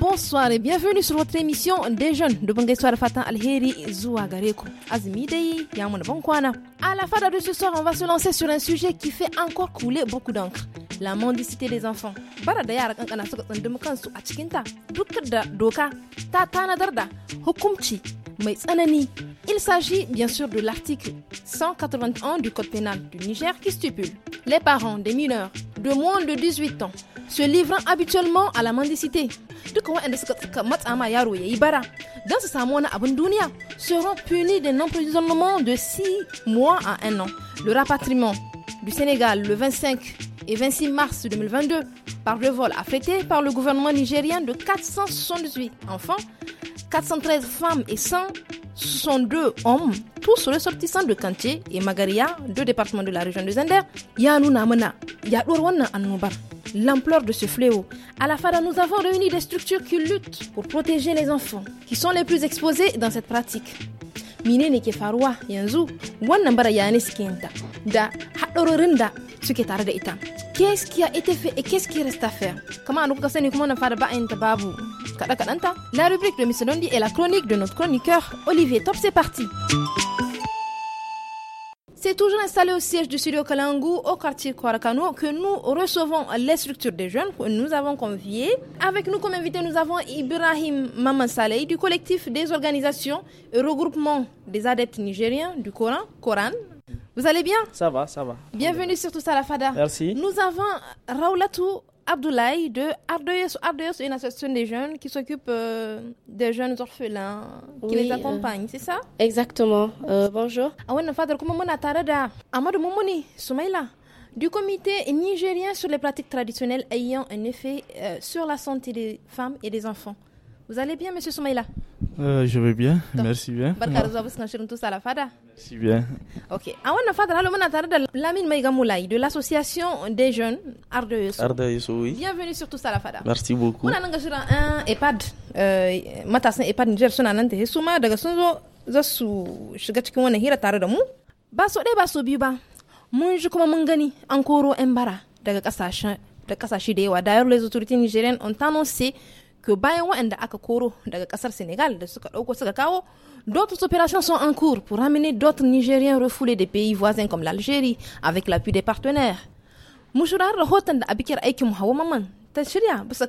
bonsoir et bienvenue sur votre émission des jeunes de Bangaiswa Fatan Alheri Zouagareko. Azmidei, Yamon Bonkwana. À la fin de ce soir, on va se lancer sur un sujet qui fait encore couler beaucoup d'encre. La mendicité des enfants. Bara doka Il s'agit bien sûr de l'article 181 du Code pénal du Niger qui stipule les parents des mineurs de moins de 18 ans se livrant habituellement à la mendicité. Dans ce Samoana Abundunia seront punis d'un emprisonnement de 6 mois à 1 an. Le rapatriement du Sénégal le 25 et 26 mars 2022 par le vol affrété par le gouvernement nigérien de 478 enfants, 413 femmes et 162 hommes, tous ressortissants de Kanté et Magaria, deux départements de la région de Zender, Yanou Namana, Yadourouana Anoubar l'ampleur de ce fléau. À la FADA, nous avons réuni des structures qui luttent pour protéger les enfants qui sont les plus exposés dans cette pratique. ne ke faruwa yanzu wannan bara skinta da haɗarorin da suke tare da ita qu'est-ce qui a été fait et qu'est-ce qui reste à faire Kama an kuka sani kuma na fara ba'ayin ta babu Kada kadanta, la rubrique de Miss et la chronique de notre chroniqueur Olivier Top c'est parti c'est toujours installé au siège du studio Kalangu au quartier Kwarakano que nous recevons les structures des jeunes que nous avons conviées. Avec nous comme invité, nous avons Ibrahim Maman Saleh du collectif des organisations et regroupements des adeptes nigériens du Coran, Coran. Vous allez bien Ça va, ça va. Bienvenue sur Tout ça, la Fada. Merci. Nous avons Atou Abdoulaye de Ardeus. Ardeus une association des jeunes qui s'occupe euh, des jeunes orphelins, qui les euh, accompagne, c'est ça Exactement. Euh, bonjour. Ah Amadou Moumouni Soumaïla, du comité nigérien sur les pratiques traditionnelles ayant un effet euh, sur la santé des femmes et des enfants. Vous allez bien, monsieur Soumaïla euh, je vais bien, Donc, merci bien. Barka da zuwa buskan shirin tusa la fada. Merci bien. Ok, a ah, wannan fadar halu muna tare da Lamine Mai Gamulai de l'association des jeunes Arda Yesu. oui. Bienvenue sur Tusa la fada. Merci beaucoup. Muna nan ga shirin an EHPAD, euh, matasan EHPAD Niger suna nan ta su daga sunzo zasu shiga cikin wannan hira tare da mu. Ba so dai ba so biyu ba. Mun ji kuma mun gani an koro 'yan bara daga kasashe da yawa. D'ailleurs, les autorités nigériennes ont annoncé que bayan aka koro daga kasar Senegal da suka suka kawo, d'autres opérations sont en cours pour ramener d'autres Nigériens refoulés des pays voisins comme l'Algérie avec l'appui des partenaires. abikir aikin ta shirya bisa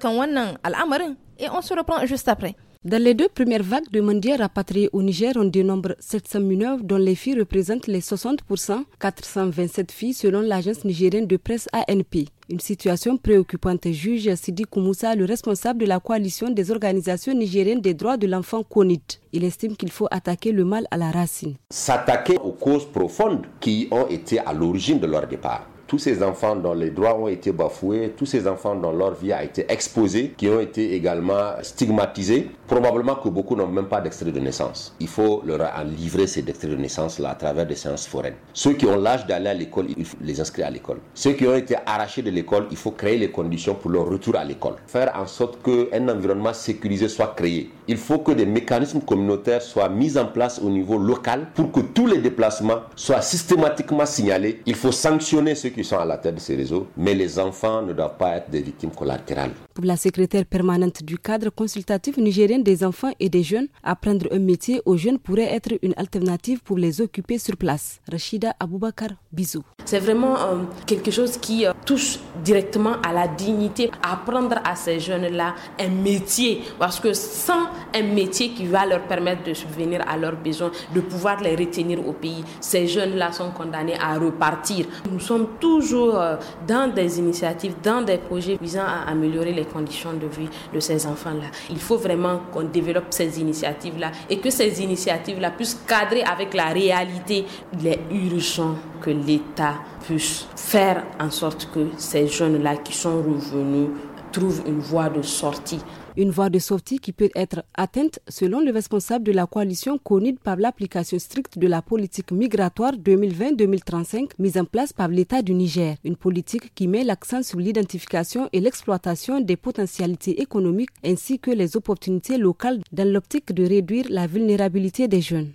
et on se reprend juste après. Dans les deux premières vagues de mendiants rapatriés au Niger, on dénombre 709 dont les filles représentent les 60%, 427 filles selon l'agence nigérienne de presse ANP. Une situation préoccupante juge Sidi Koumoussa, le responsable de la coalition des organisations nigériennes des droits de l'enfant CONIT. Il estime qu'il faut attaquer le mal à la racine. S'attaquer aux causes profondes qui ont été à l'origine de leur départ tous ces enfants dont les droits ont été bafoués, tous ces enfants dont leur vie a été exposée, qui ont été également stigmatisés, probablement que beaucoup n'ont même pas d'extrait de naissance. Il faut leur en livrer ces extraits de naissance-là à travers des séances foraines. Ceux qui ont l'âge d'aller à l'école, il faut les inscrire à l'école. Ceux qui ont été arrachés de l'école, il faut créer les conditions pour leur retour à l'école. Faire en sorte qu'un environnement sécurisé soit créé il faut que des mécanismes communautaires soient mis en place au niveau local pour que tous les déplacements soient systématiquement signalés. Il faut sanctionner ceux qui sont à la tête de ces réseaux, mais les enfants ne doivent pas être des victimes collatérales. Pour la secrétaire permanente du cadre consultatif nigérien des enfants et des jeunes, apprendre un métier aux jeunes pourrait être une alternative pour les occuper sur place. Rachida Aboubakar, bisous. C'est vraiment euh, quelque chose qui euh, touche directement à la dignité. Apprendre à ces jeunes-là un métier, parce que sans un métier qui va leur permettre de subvenir à leurs besoins, de pouvoir les retenir au pays. Ces jeunes-là sont condamnés à repartir. Nous sommes toujours euh, dans des initiatives, dans des projets visant à améliorer les conditions de vie de ces enfants-là. Il faut vraiment qu'on développe ces initiatives-là et que ces initiatives-là puissent cadrer avec la réalité. Il est urgent que l'État puisse faire en sorte que ces jeunes-là qui sont revenus trouvent une voie de sortie une voie de sortie qui peut être atteinte selon le responsable de la coalition connue par l'application stricte de la politique migratoire 2020-2035 mise en place par l'État du Niger. Une politique qui met l'accent sur l'identification et l'exploitation des potentialités économiques ainsi que les opportunités locales dans l'optique de réduire la vulnérabilité des jeunes.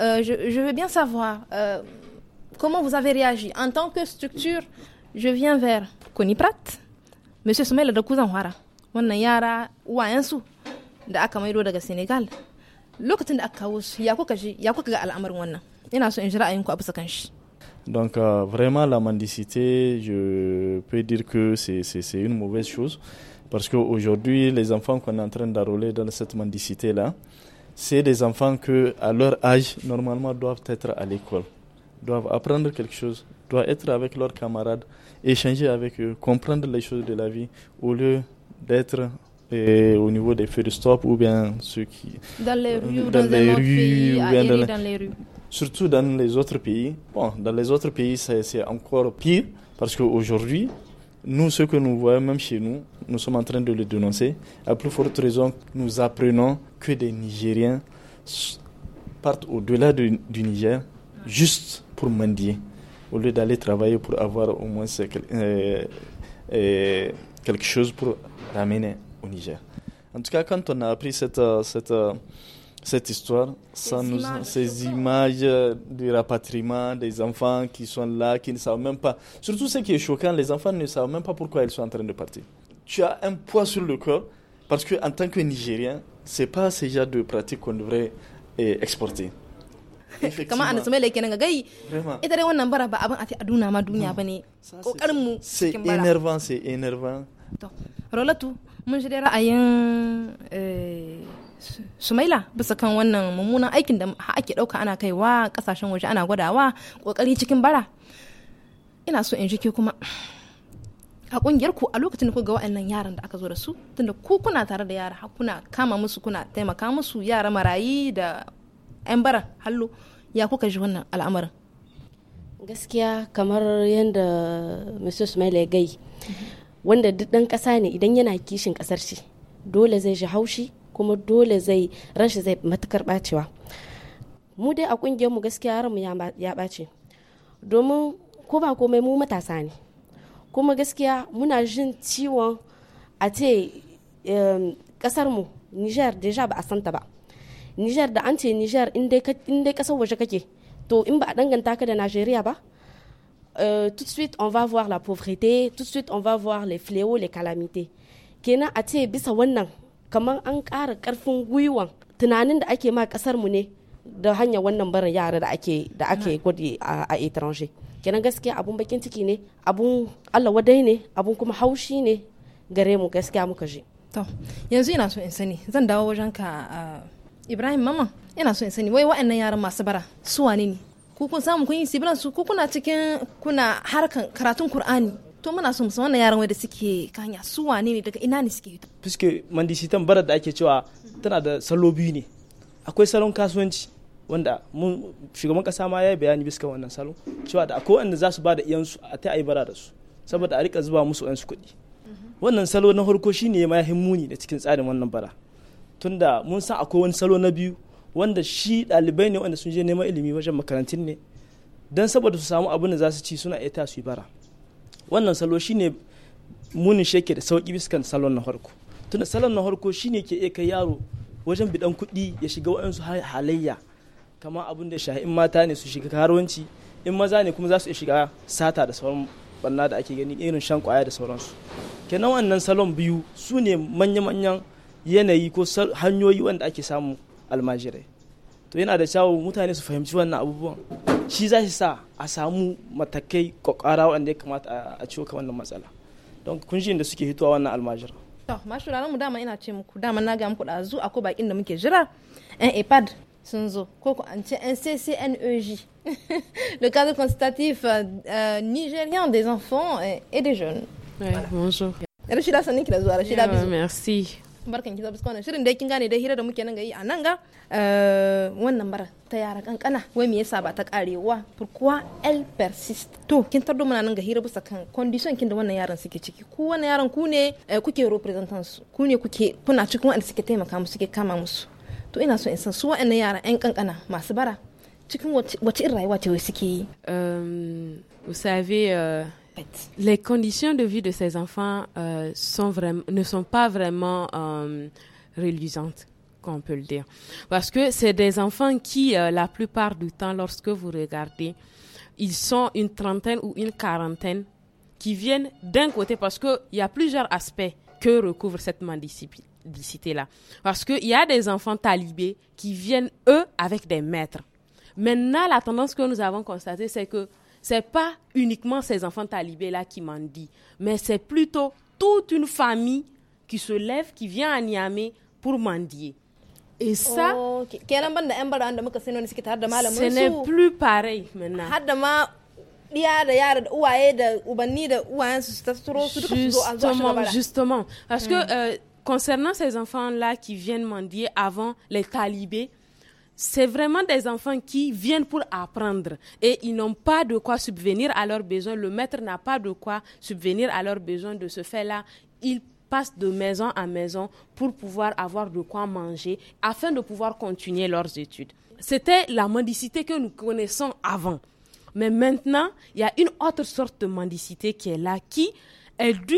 Euh, je, veux bien savoir euh, comment vous avez réagi. En tant que structure, je viens vers Koniprat, M. de Kouzanwara a Donc euh, vraiment la mendicité, je peux dire que c'est une mauvaise chose parce qu'aujourd'hui les enfants qu'on est en train d'enrôler dans cette mendicité-là, c'est des enfants que à leur âge normalement doivent être à l'école, doivent apprendre quelque chose, doivent être avec leurs camarades, échanger avec eux, comprendre les choses de la vie au lieu d'être au niveau des feux de stop ou bien ceux qui dans les rues, dans, dans les rues, ou bien dans, les rues. Surtout dans les autres pays. Bon, dans les autres pays, c'est encore pire parce qu'aujourd'hui, nous, ce que nous voyons même chez nous, nous sommes en train de le dénoncer. À plus forte raison, nous apprenons que des Nigériens partent au-delà du Niger juste pour mendier, au lieu d'aller travailler pour avoir au moins euh, euh, quelque chose pour ramener au Niger. En tout cas, quand on a appris cette, euh, cette, euh, cette histoire, nous, ces images euh, du rapatriement des enfants qui sont là, qui ne savent même pas. Surtout ce qui est choquant, les enfants ne savent même pas pourquoi ils sont en train de partir. Tu as un poids sur le corps parce que en tant que Nigérien, c'est pas ce genre de pratique qu'on devrait exporter. Bah, c'est énervant c'est énervant rola tu, mun shirya ra'ayin eh, sumaila bisa kan wannan mummunan aikin da ake ɗauka ana kaiwa ƙasashen waje ana gwadawa kokari cikin bara ina so in ji kuma a kungiyar ku a lokacin da ku ga wa'annan yaran da aka zo da su tunda ku kuna tare da yara kuna kama musu kuna taimaka musu yara marayi da 'yan bara hallo ya kuka ji wannan al'amarin gaskiya kamar yadda mrs maila gai mm -hmm. wanda duk ɗan ƙasa ne idan yana kishin ƙasar shi dole zai ji haushi kuma dole zai ranshi zai matukar ɓacewa mu dai a ƙungiyar mu gaskiya ranmu ya ɓace domin ko ba komai mu matasa ne kuma gaskiya muna jin ciwon a ce ƙasarmu mu niger ja ba a santa ba niger da an ce niger in dai ƙasar waje kake to in ba a danganta ka da najeriya ba euh, tout de suite on va voir la pauvreté tout de suite on va voir les fléaux les calamités Kena a ce bisa wannan kaman an ƙara ƙarfin gwiwa tunanin da ake ma ƙasar mu ne da hanya wannan barin yara da ake da ake gwadi a étranger kenan gaskiya abun bakin ciki ne abun Allah wadai ne abun kuma haushi ne gare mu gaskiya muka je to yanzu ina so in sani zan dawo wajen ka ah, Ibrahim Mama, ina so in sani wai wa'annan yaran masu bara su wane ne Kukun samun samu kun yi sibilan su ku kuna cikin kuna harkan karatun Kur'ani to muna so musamman yaran wanda suke kanya su wane ne daga ina ne suke fito fiske mandisitan barar da ake cewa tana da salo biyu ne akwai salon kasuwanci wanda mun shugaban kasa ma ya yi bayani bisa wannan salon cewa da akwai wanda za su ba da iyan su a ta ayi bara da su saboda a rika zuba musu wansu kuɗi wannan salo na farko shine ma ya muni da cikin tsarin wannan bara tunda mun san akwai wani salo na biyu wanda shi ɗalibai ne wanda sun je neman ilimi wajen makarantun ne don saboda su samu abin da za su ci suna iya ta su yi bara wannan salo shi ne munin sheke da sauki biskan salon na harko tunda salon na harko ne ke iya kai yaro wajen biɗan kuɗi ya shiga waɗansu halayya kamar abin da shahi in mata ne su shiga karuwanci in maza ne kuma za su iya shiga sata da sauran banna da ake gani irin shan kwaya da sauransu kenan wannan salon biyu su ne manya-manyan yanayi ko hanyoyi wanda ake samu almajirai to yana da kyawu mutane su fahimci wannan abubuwan shi za shi sa a samu matakai kwakwara wanda ya kamata a ciwo ka wannan matsala don kunshin da suke hitowa wannan almajira to mashi mu dama ina ce muku dama na ga muku da zu akwai bakin da muke jira yan ipad e sun zo ko ko an ce yan e le cadre constatif euh, nigérien des enfants et des jeunes Oui, Bonjour. Rachida Sani qui l'a Rachida, bisous. Merci. barkan ki zabiska wannan shirin da kin gane da hira da muke nan ga yi a nan ga eh, wannan bara ta yara kankana wai me yasa ba ta karewa furkuwa el persist to kin tardo muna nan ga hira bisa kan condition kin da wannan yaran suke ciki ku wannan yaran ku ne eh, kuke representant su ku ne kuke kuna cikin wanda suke taimaka musu suke kama musu to ina so in san su wa'annan yaran yan kankana masu bara cikin wace irin rayuwa ce wai suke yi um, vous savez euh, Les conditions de vie de ces enfants euh, ne sont pas vraiment euh, reluisantes qu'on peut le dire. Parce que c'est des enfants qui, euh, la plupart du temps, lorsque vous regardez, ils sont une trentaine ou une quarantaine qui viennent d'un côté parce qu'il y a plusieurs aspects que recouvre cette mendicité-là. Parce qu'il y a des enfants talibés qui viennent, eux, avec des maîtres. Maintenant, la tendance que nous avons constatée, c'est que c'est pas uniquement ces enfants talibés là qui mendient, mais c'est plutôt toute une famille qui se lève, qui vient à Niamey pour mendier. Et ça, ce n'est plus pareil maintenant. Justement, Parce que hmm. euh, concernant ces enfants-là qui viennent mendier avant les talibés, c'est vraiment des enfants qui viennent pour apprendre et ils n'ont pas de quoi subvenir à leurs besoins. Le maître n'a pas de quoi subvenir à leurs besoins de ce fait-là. Ils passent de maison en maison pour pouvoir avoir de quoi manger afin de pouvoir continuer leurs études. C'était la mendicité que nous connaissons avant. Mais maintenant, il y a une autre sorte de mendicité qui est là, qui est due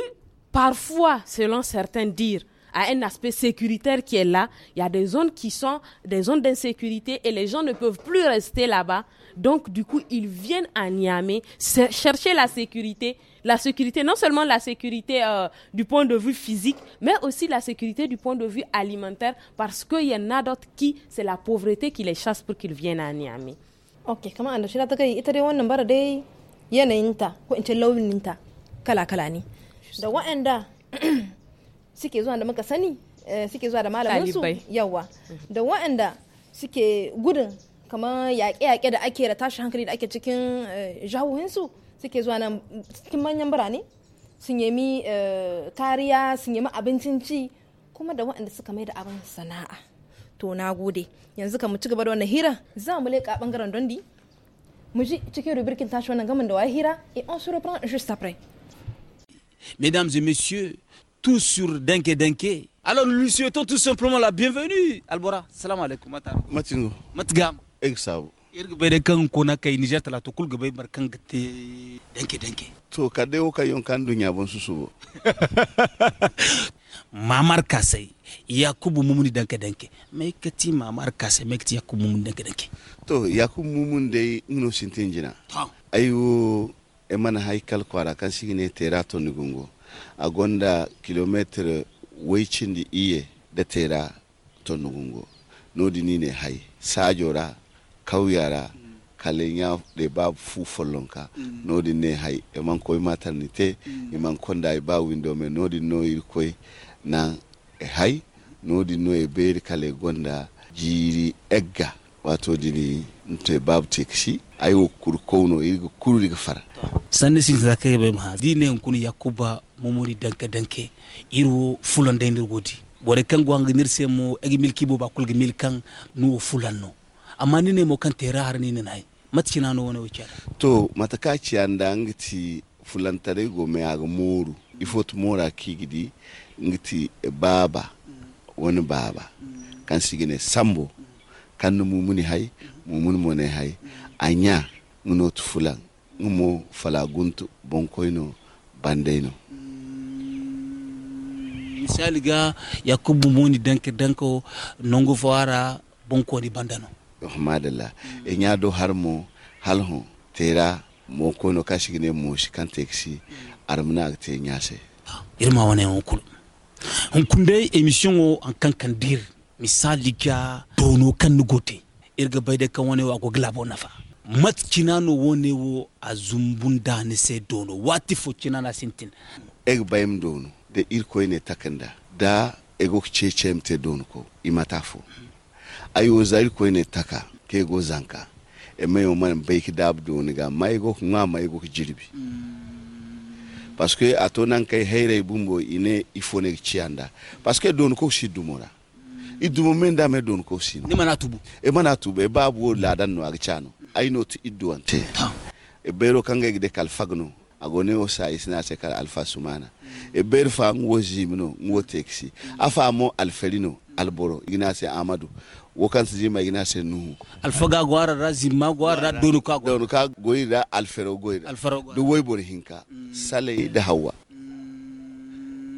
parfois, selon certains, dire à un aspect sécuritaire qui est là. Il y a des zones qui sont des zones d'insécurité et les gens ne peuvent plus rester là-bas. Donc, du coup, ils viennent à Niamey chercher la sécurité. La sécurité, non seulement la sécurité euh, du point de vue physique, mais aussi la sécurité du point de vue alimentaire, parce qu'il y en a d'autres qui, c'est la pauvreté qui les chasse pour qu'ils viennent à Niamey. Ok, comment on a dit, suke zuwa da muka sani eh, suke zuwa da malamin su yawa da waɗanda suke gudun kamar yaƙe-yaƙe da ake da tashi hankali da ake cikin eh, jahohinsu suke zuwa nan cikin manyan birane sun yami eh, kariya sun yami abincin ci kuma da waɗanda suka mai da abin sana'a to na gode yanzu ka mu ci gaba da wannan hira za mu leƙa ɓangaren dondi mu ji cikin rubrikin tashi wannan gamin da waye hira et on se reprend juste après mesdames et messieurs tout sur Denke Denke. Alors nous lui souhaitons tout simplement la bienvenue. Albora, salam alaikum. Matino. Matgam. Exavo. irga bai da kan kona kai Niger la kul ga bai barkan gate danke danke to ka o ka kan dunya bon su mamar kase yakubu mumuni danke danke mai kati mamar kase mai kati yakubu mumuni danke danke to yakubu mumuni de ngno sintin ayo e mana haikal kwara kan sigine terato ni gungo a gonda kilometer waycindi iye da tera gungo nodi ni ne hay sajora kawyara kalen ya de ba fu follonka mm. nodi ne hay e man koy maternité mm. e man konda e ba windo me nodi no ir koy na e hay nodi no e beeri kale gonda jiri egga wato dini nte babu tekshi ayo kurkowno irga kurriga fara sanne sintinta ɓe ma dine en kono yakkuba momori danke danke iro fulan ndendir wodi bore kango hanganir semo egi milkibo ba kulge mil kan fulan no amma nine mo kan tera har nine nay matcinano wona woccara to mata ka ciyanda ngiti fulantare go me aga moru il faut to mora kigidi ngiti baba woni baba kan sigine sambo kan mumuni hay mumuni mone hay anya munotu fulan umo falaguntu bonkoyno bandeyno misali ga yakubu moni danke danko nongu fowara bonkoni bandano oh, madalla e ñaado harmo halho tera mo kono kasigine mosi kantexi armna agte ñase irma wona on kul on kunde émission o an kankan dir misali ga dono kan gote irga bayde kan woni wa ko glabo nafa mat matkinano wonewo a zumbundane se dono wati fo focinana sintin eg bayim dono de irkoyne takanda da egok cecemte dono ko imata fo ayo za irkoyne taka ke go zanka e mayo man bayki dab dono ga maygo nga maygo jirbi parce que ato nan kay heyre bumbo ine ifone cianda parce que dono ko si dumora idumo men me dono ko si ni manatubu e manatubu e babu o ladan no agchano aynoti idduwante e ɓeyro kanga gide kal fagno agone o sayi sina se kala alfa sumana e fa ngwo jimno ngwo teksi afa mo alferino alboro igina se amadou wokan si jima igina se alfa ga gwara ra ma gwara ra donu ka donu ka goyira alfero goyira alfero goyira do woybor hinka sale da hawa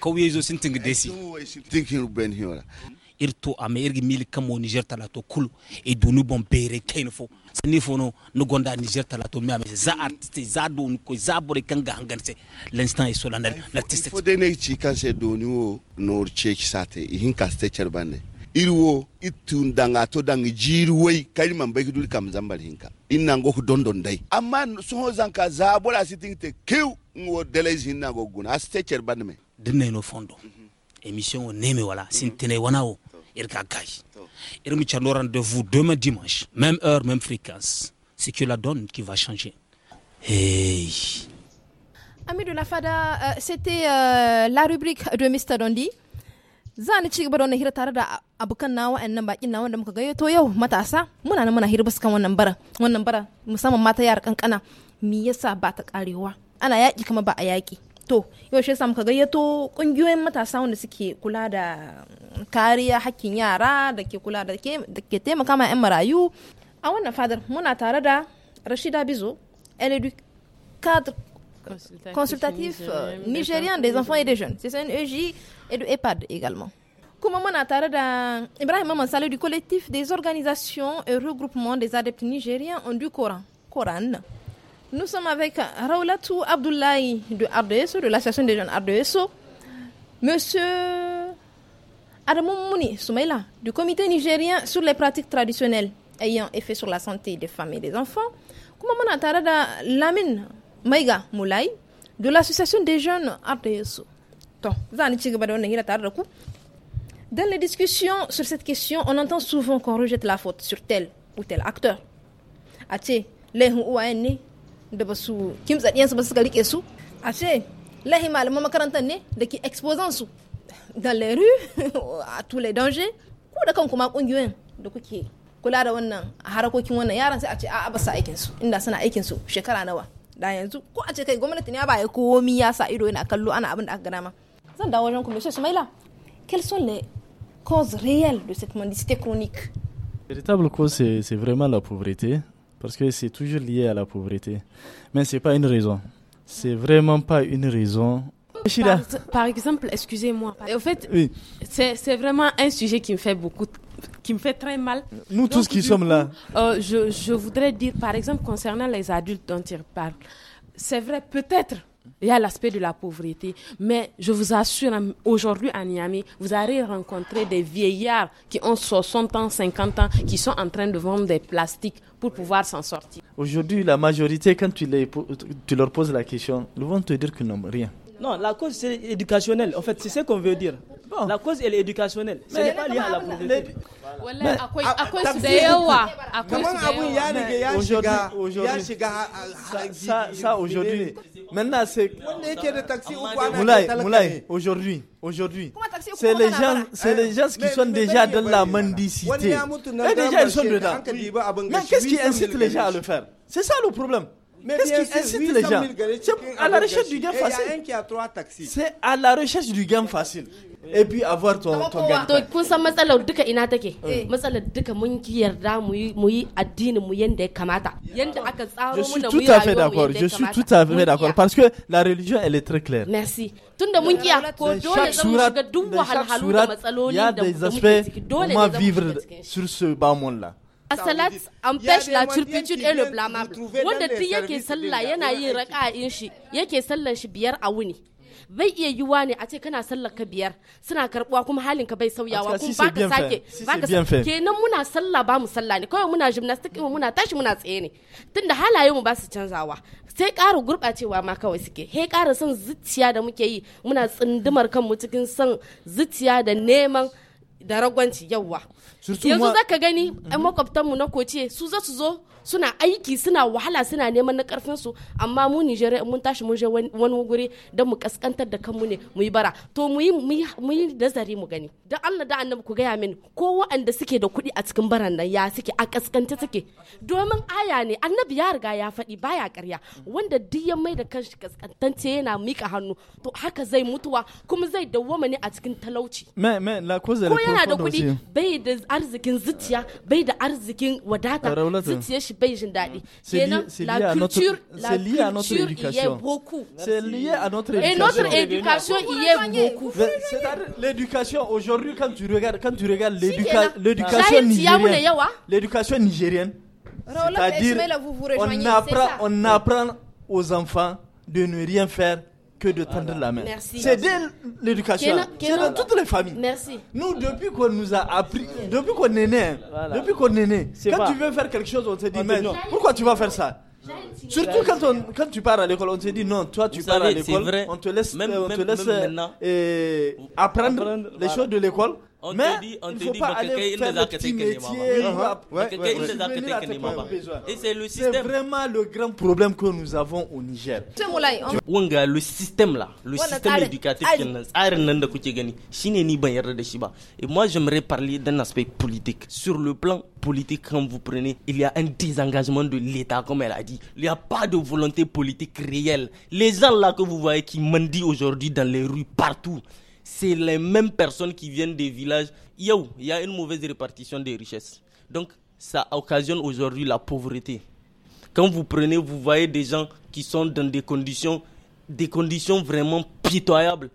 kow yeeso sintin ga desi thinking ben hiora irto ama irga mili kamo niger talato kulu e duni bon bere kaino fo sani fo no no gonda niger talato mi amese za artiste za doni ko za bore kanga hanganse l'instant e solanel l'artiste fo dene ci kanse doni wo nor cheki sate hin kaste cherbane irwo itun danga to dangi jirwai kai man bai dul kam zambar hinka inna go ku dondon dai amma so zanka za bora sitin te kiw ngo delezi hinna go guna aste cherbane me dinaino fondo mhm. émission o neme wala Sin wona o eɗe ka gayi eɗe rendez-vous demain dimanche même heure même fréquence c'est que la donne qui va changer hey ami de la fada euh, c'était euh, la rubrique de Mr Dondi zan ni ci gaba da wannan hira tare da abokan na wa'annan bakin na wanda muka gayyato yau matasa muna nan muna hirba kan wannan bara wannan bara musamman mata yara kankana me yasa ba ta karewa ana yaki kuma ba a yaki to yau shi samu ka gayyato kungiyoyin matasa wanda suke kula da kariya hakkin yara da ke kula da ke taimaka ma yan marayu a wannan fadar muna tare da Rashida Bizo elle est cadre consultatif, consultatif euh, nigérien des enfants et des jeunes c'est un EJ et de EHPAD également Kuma muna tare da Ibrahim mamman Saleh du collectif des organisations et regroupements des adeptes nigériens en du Coran Coran nous sommes avec Raoulatou Abdoulaye de de l'association des jeunes RDSO, Monsieur Adamou Mouni Soumaïla, du comité nigérien sur les pratiques traditionnelles ayant effet sur la santé des femmes et des enfants, kuma Tarada Lamine Maiga Moulaye de l'association des jeunes RDSO. Dans les discussions sur cette question, on entend souvent qu'on rejette la faute sur tel ou tel acteur. Ati, les ou da ba su kimtsa ɗiyansu ba suka rike su a ce lahi malaman makarantar ne da ke exposan su da leru a tule danje ko da kanku ma kungiyoyin da kuke kula da wannan harakokin wannan yaran sai a ce a'a ba sa aikin su inda suna aikin su shekara nawa da yanzu ko a ce kai gwamnati ne ba ya komi ya sa ido yana kallo ana abin da aka gana ma zan dawo wajen ku mai maila quel sont les causes réelles de cette mendicité chronique véritable cause c'est vraiment la pauvreté Parce que c'est toujours lié à la pauvreté. Mais ce n'est pas une raison. C'est vraiment pas une raison. Par, exemple, excusez-moi. En fait, c'est vraiment un sujet qui me fait beaucoup, qui me fait très mal. Nous tous qui sommes là. Euh, je, je voudrais dire, par exemple, concernant les adultes dont il parle, c'est vrai, peut-être il y a l'aspect de la pauvreté. Mais je vous assure, hein, aujourd'hui à Niamey, vous allez rencontrer des vieillards qui ont 60 ans, 50 ans, qui sont en train de vendre des plastiques pour pouvoir s'en sortir. Aujourd'hui, la majorité, quand tu, les, tu leur poses la question, ils vont te dire que non, rien. Non, la cause c'est éducationnelle. En fait, c'est ce qu'on veut dire. La cause elle est éducationnelle. Ce n'est pas lié à la pauvreté. Aujourd'hui, ça, aujourd'hui. Maintenant, c'est Moulay, aujourd'hui, aujourd'hui, c'est les gens, c'est les gens qui sont déjà dans la mendicité. Mais déjà ils sont dedans. Mais qu'est-ce qui incite les gens à le faire C'est ça le problème. Mais qu'est-ce qui incite les gens à la recherche du gain facile. C'est à la recherche du gain facile. Et puis avoir ton, gain. Je suis tout à fait d'accord. Je suis tout à fait d'accord parce que la religion elle est très claire. Merci. Il y vivre sur ce bas monde là. a salat an fesh la turpitude et le blâmable wanda tun yake sallah yana yin raka'in shi yake sallar shi biyar a wuni bai iya yiwa ne a ce kana sallar ka biyar suna karbuwa kuma halin ka bai sauyawa kuma ka sake ka sake kenan muna sallah ba mu sallah ne kawai muna gymnastic mu muna tashi muna tsaye ne tunda halaye mu ba su canzawa sai ƙara gurɓacewa ma kawai suke he ƙara son zuciya da muke yi muna tsindimar kanmu cikin son zuciya da neman da ragwanci yawwa yanzu za ka gani yan mhm. makwabtanmu na koce su za su zo suna aiki suna wahala suna neman na karfinsu amma mu nijeriya mun tashi mun je wani guri don mu kaskantar da kanmu ne mu yi bara to mu yi nazari mu gani don Allah da annabi ku gaya mini ko waɗanda suke da kuɗi a cikin baran nan ya suke a kaskanta suke domin aya ne annabi ya riga ya faɗi baya karya wanda duk ya mai da kanshi kaskantance yana mika hannu to haka zai mutuwa kuma zai dawwama ne a cikin talauci ko yana da kuɗi bai da arzikin zuciya bai da arzikin wadata zuciyar shi bai jin daɗi kenan la culture la culture y est beaucoup c'est lié à notre éducation et notre éducation y a beaucoup c'est-à-dire l'éducation aujourd'hui quand tu regardes quand tu regardes l'éducation nigérienne l'éducation nigérienne c'est-à-dire on apprend on apprend aux enfants de ne rien faire que de tendre la main. C'est dès l'éducation. C'est dans toutes les familles. Nous, depuis qu'on nous a appris, depuis qu'on est né, depuis qu'on est né, quand tu veux faire quelque chose, on te dit, mais pourquoi tu vas faire ça Surtout quand, quand tu pars à l'école, on te dit non, toi tu pars à l'école, on te laisse, on te laisse euh, apprendre, les choses de l'école on te dit, on te dit, bah, quelqu'un, il ne a pas quelqu'un, faire c'est le C'est vraiment le grand problème que nous avons au Niger. Hein. le système là, le système éducatif, de Et moi, j'aimerais parler d'un aspect politique. Sur le plan politique, quand vous prenez, il y a un désengagement de l'État, comme elle a dit. Il n'y a pas de volonté politique réelle. Les gens là que vous voyez qui mendient aujourd'hui dans les rues partout, c'est les mêmes personnes qui viennent des villages. Il y a une mauvaise répartition des richesses. Donc, ça occasionne aujourd'hui la pauvreté. Quand vous prenez, vous voyez des gens qui sont dans des conditions, des conditions vraiment pitoyables.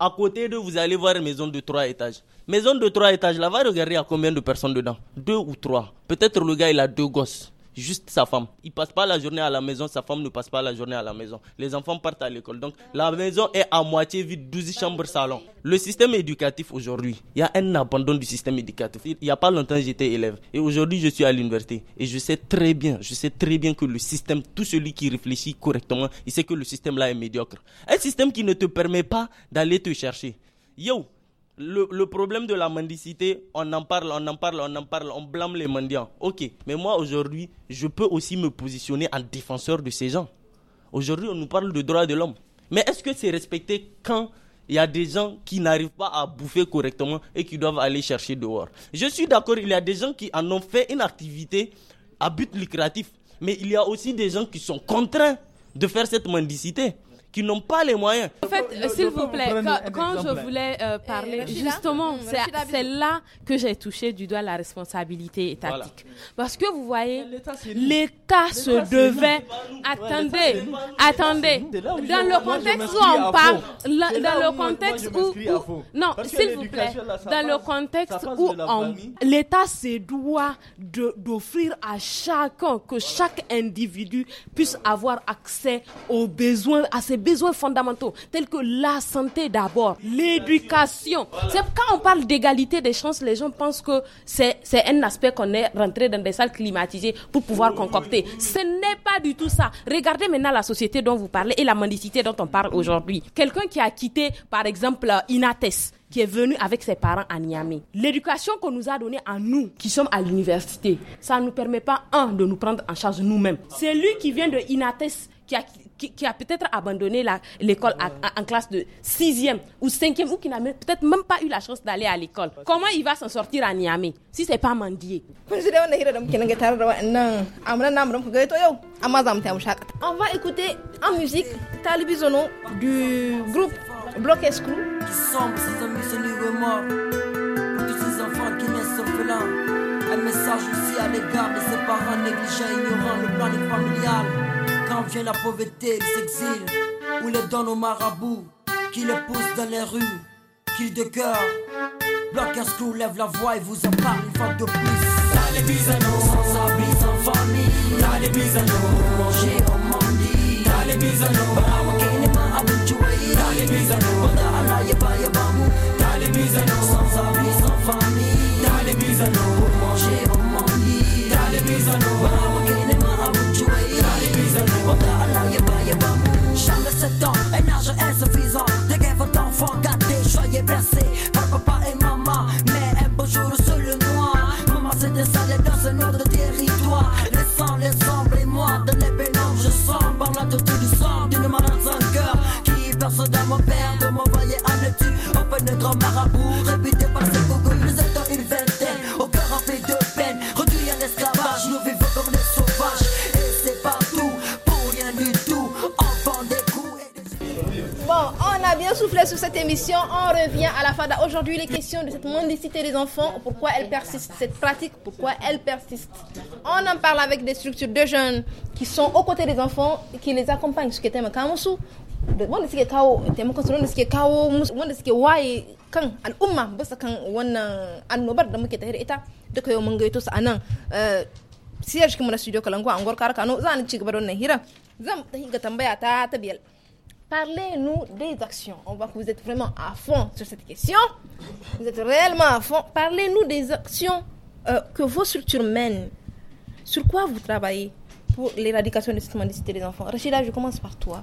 À côté d'eux, vous allez voir une maison de trois étages. Maison de trois étages, là, va regarder à combien de personnes dedans. Deux ou trois. Peut-être le gars, il a deux gosses juste sa femme. Il passe pas la journée à la maison, sa femme ne passe pas la journée à la maison. Les enfants partent à l'école. Donc la maison est à moitié vide, 12 chambres salon. Le système éducatif aujourd'hui, il y a un abandon du système éducatif. Il n'y a pas longtemps, j'étais élève et aujourd'hui, je suis à l'université et je sais très bien, je sais très bien que le système, tout celui qui réfléchit correctement, il sait que le système là est médiocre. Un système qui ne te permet pas d'aller te chercher. Yo, le, problème de la mendicité, on en parle, on en parle, on en parle, on blâme les mendiants. Ok, mais moi aujourd'hui, je peux aussi me positionner en défenseur de ces gens. Aujourd'hui, on nous parle de droits de l'homme. Mais est-ce que c'est respecté quand il y a des gens qui n'arrivent pas à bouffer correctement et qui doivent aller chercher dehors Je suis d'accord, il y a des gens qui en ont fait une activité à but lucratif. Mais il y a aussi des gens qui sont contraints de faire cette mendicité qui n'ont pas les moyens. En fait, s'il vous plaît, quand, je voulais euh, euh, parler, justement, mm, c'est là que j'ai touché du doigt la responsabilité étatique. Parce que vous voyez, l'État se devait... Attendez, attendez. Dans le contexte où on parle, dans le contexte où... Non, s'il vous plaît, dans le contexte où l'État se doit d'offrir à chacun, que chaque individu puisse avoir accès aux besoins, à ses besoins besoins fondamentaux tels que la santé d'abord, l'éducation. C'est quand on parle d'égalité des chances, les gens pensent que c'est un aspect qu'on est rentré dans des salles climatisées pour pouvoir concocter. Ce n'est pas du tout ça. Regardez maintenant la société dont vous parlez et la mendicité dont on parle aujourd'hui. Quelqu'un qui a quitté, par exemple, Inates qui est venu avec ses parents à Niamey. L'éducation qu'on nous a donnée à nous, qui sommes à l'université, ça ne nous permet pas, un, de nous prendre en charge nous-mêmes. C'est lui qui vient de Inates, qui a quitté qui, qui a peut-être abandonné l'école en classe de 6e ou 5e ou qui n'a peut-être même pas eu la chance d'aller à l'école. Comment il va s'en sortir à Niamey si c'est pas mendier On va écouter en musique Talibizono du groupe Bloc Escrew. Qui sombre sans amis, mort Pour tous ces enfants qui naissent orphelins. Un message aussi à l'égard de ses parents négligents, ignorant le plan familial. Quand vient la pauvreté, ils s'exilent ou les donnent aux marabouts qui les poussent dans les rues, qu'ils de cœur. Bloc un screw, lève la voix et vous en parle une fois de plus. dans les nous sans abri, sans famille. T'as les Pour manger au monde. Dans les bisanos, n'est pas habitué. Dans les bisanos, banda ala yeba yebamu. T'as les nous sans abri, sans famille. T'as les Pour manger au monde. T'as les nous repère à ans, bail Jamais 7 ans, un âge insuffisant Des rêves d'enfants gâtés, joyeux blessés Par papa et maman, mais un beau jour sur le noir Maman s'est installée dans un autre territoire Laissant les ombres et moi dans les pénombres Je sombre la tout du sang d'une malade sans cœur Qui perce dans mon père, de mon voyer à Neptune Au pénétrant marabout sur cette émission, on revient à la fin Aujourd'hui, les questions de cette mendicité des enfants, pourquoi elle persiste, cette pratique, pourquoi elle persiste. On en parle avec des structures de jeunes qui sont aux côtés des enfants qui les accompagnent. Ce qui est un Parlez-nous des actions. On voit que vous êtes vraiment à fond sur cette question. Vous êtes réellement à fond. Parlez-nous des actions euh, que vos structures mènent. Sur quoi vous travaillez pour l'éradication de cette des enfants Rachida, je commence par toi.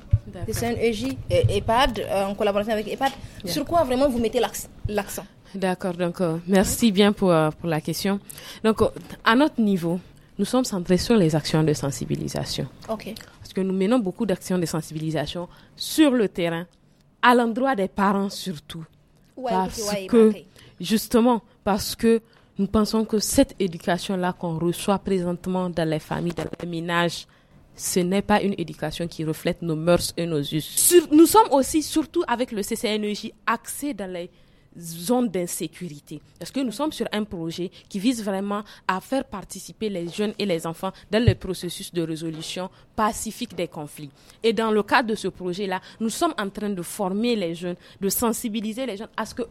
C'est un EJ, EHPAD, en collaboration avec EHPAD. Sur quoi vraiment vous mettez l'accent D'accord, donc euh, merci bien pour, euh, pour la question. Donc, à notre niveau, nous sommes centrés sur les actions de sensibilisation. OK que nous menons beaucoup d'actions de sensibilisation sur le terrain, à l'endroit des parents surtout. parce que, justement, parce que nous pensons que cette éducation-là qu'on reçoit présentement dans les familles, dans les ménages, ce n'est pas une éducation qui reflète nos mœurs et nos us. nous sommes aussi, surtout avec le CCNEJ, axés dans les zone d'insécurité. Parce que nous sommes sur un projet qui vise vraiment à faire participer les jeunes et les enfants dans le processus de résolution pacifique des conflits. Et dans le cadre de ce projet-là, nous sommes en train de former les jeunes, de sensibiliser les jeunes à ce que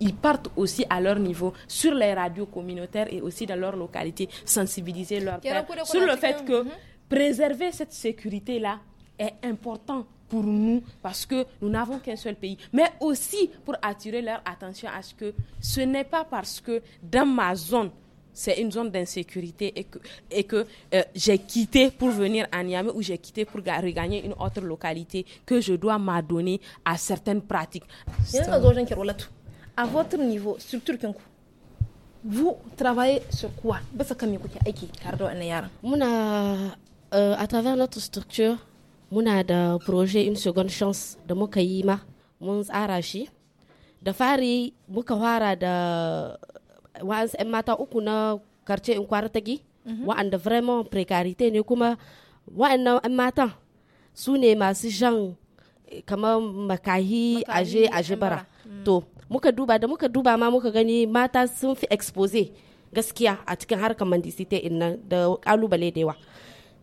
ils partent aussi à leur niveau sur les radios communautaires et aussi dans leur localité, sensibiliser leurs pères sur le fait que mm-hmm. préserver cette sécurité-là est important pour nous, parce que nous n'avons qu'un seul pays, mais aussi pour attirer leur attention à ce que ce n'est pas parce que dans ma zone, c'est une zone d'insécurité et que, et que euh, j'ai quitté pour venir à Niamey ou j'ai quitté pour regagner une autre localité que je dois m'adonner à certaines pratiques. À votre niveau, structure vous travaillez sur quoi euh, À travers notre structure, muna da proje in second chance da muka yi ma mun tsara shi da fari muka fara da wa'ansu 'yan mata uku na karce in kwartagi mhm. wa'anda vraiment precarité ne kuma wa'annan 'yan mata su ne masu jan kamar makahi aje aje bara mm. to muka duba da muka duba ma muka gani mata sun fi expose gaskiya a cikin harkar mandisite in nan da kalubale da yawa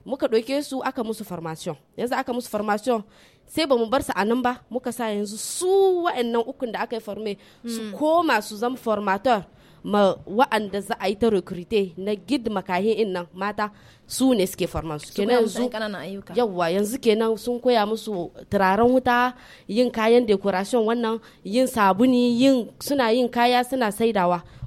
muka ɗauke su aka musu formation yanzu aka musu formation sai ba mu bar su a nan ba muka sa yanzu su wa'annan ukun da aka yi forme su hmm. koma su zama formator ma wa'anda za a yi ta recruite na gid makahi in nan mata su ne suke farman su kenan yanzu yawwa yanzu kenan sun koya musu turaren wuta yin kayan decoration wannan yin sabuni yin suna yin kaya suna saidawa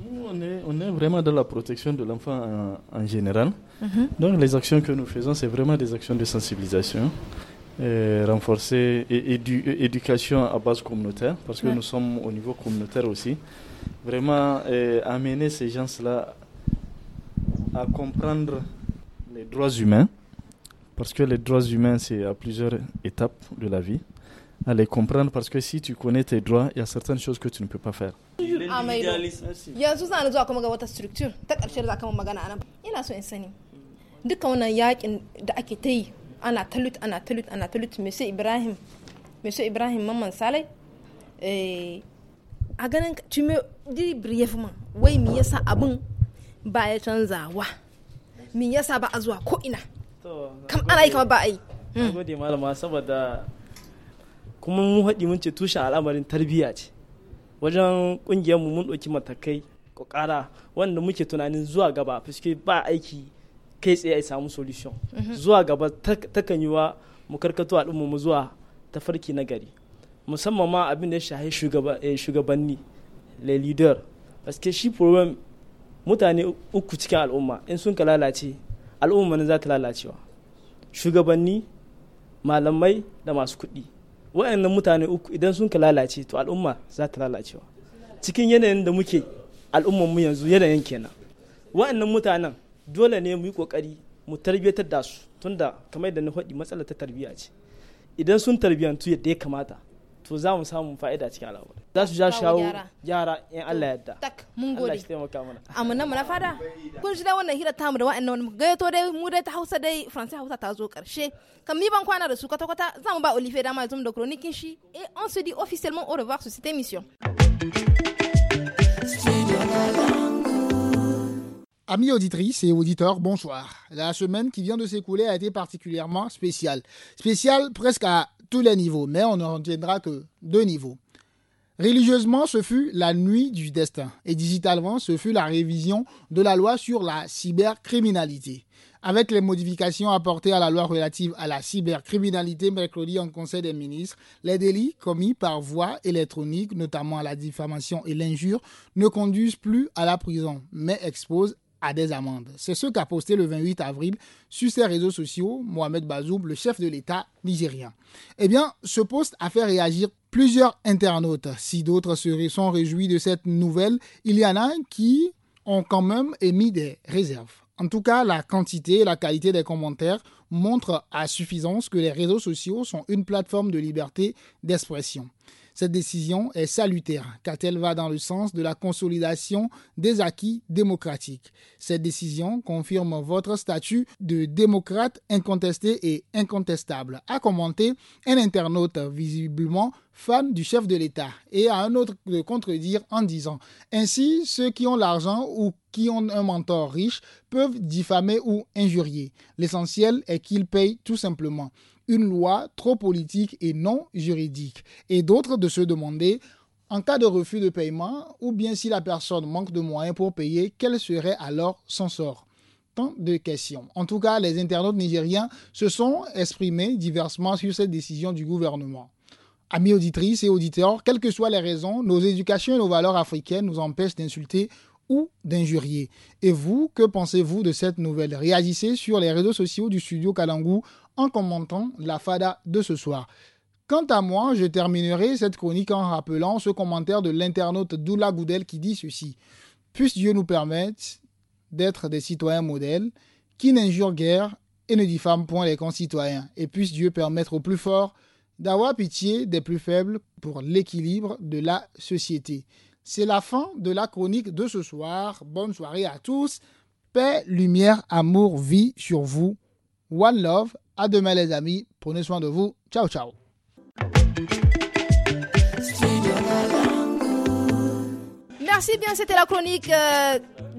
Nous, on est, vraiment dans la protection de l'enfant en, général. Mhm. Donc, les actions que nous faisons, c'est vraiment des actions de sensibilisation, euh, renforcer et, éducation à base communautaire, parce que nous sommes au niveau communautaire aussi. Vraiment euh, amener ces gens-là à comprendre les droits humains, parce que les droits humains, c'est à plusieurs étapes de la vie à les comprendre parce que si tu connais tes droits, il y a certaines choses que tu ne peux pas faire. a yanzu za ni zuwa kuma ga wata structure ta ƙarshe za kama magana anan ina so in sani duka wannan yakin da ake ta yi ana talut ana talut ana talut mai ibrahim ibrahim mamman salai eh, a ganin cime fi man wai me yasa abin ba ya canzawa me yasa ba a zuwa ko ina kam ana yi kama ba a yi gode malama saboda kuma mun haɗi mun ce tushen al'amarin tarbiyya ce wajen mu mun ɗauki matakai ƙoƙara wanda muke tunanin zuwa gaba fuske ba aiki kai tsaye a samu solution mhm. zuwa gaba takan yi wa mu karkato al'umma mu zuwa tafarki na gari musamman ma abin da ya shahi eh, shugabanni le leader fuske shi problem mutane uku cikin al'umma in sun ka lalace al'umma ne za ta lalacewa shugabanni malamai da masu kuɗi waɗannan mutane uku idan sun ka lalace to al'umma za ta lalacewa cikin yanayin da muke al'ummar mu yanzu yanayin kenan waɗannan mutanen dole ne mu yi kokari mu tarbiyatar da su tunda kamar da na faɗi matsalar ta tarbiyya ce idan sun tarbiyantu yadda ya kamata to za mu samu fa'ida cikin al'amura za su ja shawo gyara in Allah yadda tak mun gode Allah shi taimaka mana amuna mu na fada kun ji da wannan hira tamu da wa'annan wani gayyato dai mu dai ta Hausa dai Faransa Hausa ta zo karshe kan mi ban kwana da su kwata kwata za mu ba Olivier dama zum da chroniquin shi et on se dit officiellement au revoir sur cette émission Amis auditrices et auditeurs, bonsoir. La semaine qui vient de s'écouler a été particulièrement spéciale. Spéciale presque à tous les niveaux, mais on ne tiendra que deux niveaux. Religieusement, ce fut la nuit du destin, et digitalement, ce fut la révision de la loi sur la cybercriminalité. Avec les modifications apportées à la loi relative à la cybercriminalité mercredi en Conseil des ministres, les délits commis par voie électronique, notamment la diffamation et l'injure, ne conduisent plus à la prison, mais exposent à des amendes. C'est ce qu'a posté le 28 avril sur ses réseaux sociaux Mohamed Bazoum, le chef de l'État nigérien. Eh bien, ce poste a fait réagir plusieurs internautes. Si d'autres se sont réjouis de cette nouvelle, il y en a qui ont quand même émis des réserves. En tout cas, la quantité et la qualité des commentaires montrent à suffisance que les réseaux sociaux sont une plateforme de liberté d'expression. Cette décision est salutaire car elle va dans le sens de la consolidation des acquis démocratiques. Cette décision confirme votre statut de démocrate incontesté et incontestable, a commenté un internaute visiblement fan du chef de l'État, et à un autre de contredire en disant Ainsi, ceux qui ont l'argent ou qui ont un mentor riche peuvent diffamer ou injurier. L'essentiel est qu'ils payent tout simplement. Une loi trop politique et non juridique. Et d'autres de se demander en cas de refus de paiement ou bien si la personne manque de moyens pour payer, quel serait alors son sort Tant de questions. En tout cas, les internautes nigériens se sont exprimés diversement sur cette décision du gouvernement. Amis auditrices et auditeurs, quelles que soient les raisons, nos éducations et nos valeurs africaines nous empêchent d'insulter ou d'injurier. Et vous, que pensez-vous de cette nouvelle Réagissez sur les réseaux sociaux du studio Kalangu en commentant la fada de ce soir. Quant à moi, je terminerai cette chronique en rappelant ce commentaire de l'internaute Doula Goudel qui dit ceci. Puisse Dieu nous permettre d'être des citoyens modèles qui n'injurent guère et ne diffament point les concitoyens. Et puisse Dieu permettre au plus fort d'avoir pitié des plus faibles pour l'équilibre de la société. C'est la fin de la chronique de ce soir. Bonne soirée à tous. Paix, lumière, amour, vie sur vous. One love. À demain les amis. Prenez soin de vous. Ciao ciao. Merci bien, c'était la chronique. Euh,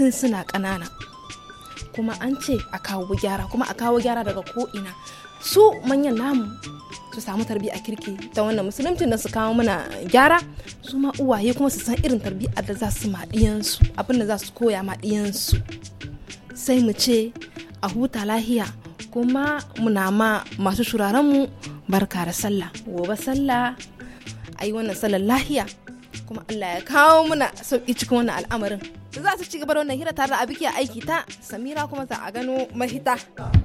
tun suna ƙanana kuma an ce a kawo gyara kuma a kawo gyara daga ko'ina su manyan namu su samu tarbi a kirki ta wannan musulunci da su kawo mana gyara su ma uwaye kuma su san irin a da za su maɗiyansu abin da za su koya maɗiyansu sai mu ce a huta lahiya kuma muna ma masu shurarenmu barka da sallah gobe sallah a yi wannan sallar lahiya kuma allah ya kawo muna sauƙi cikin wannan al'amarin za su ci gaba da wannan hira tare da biki aiki ta samira kuma za a gano mahita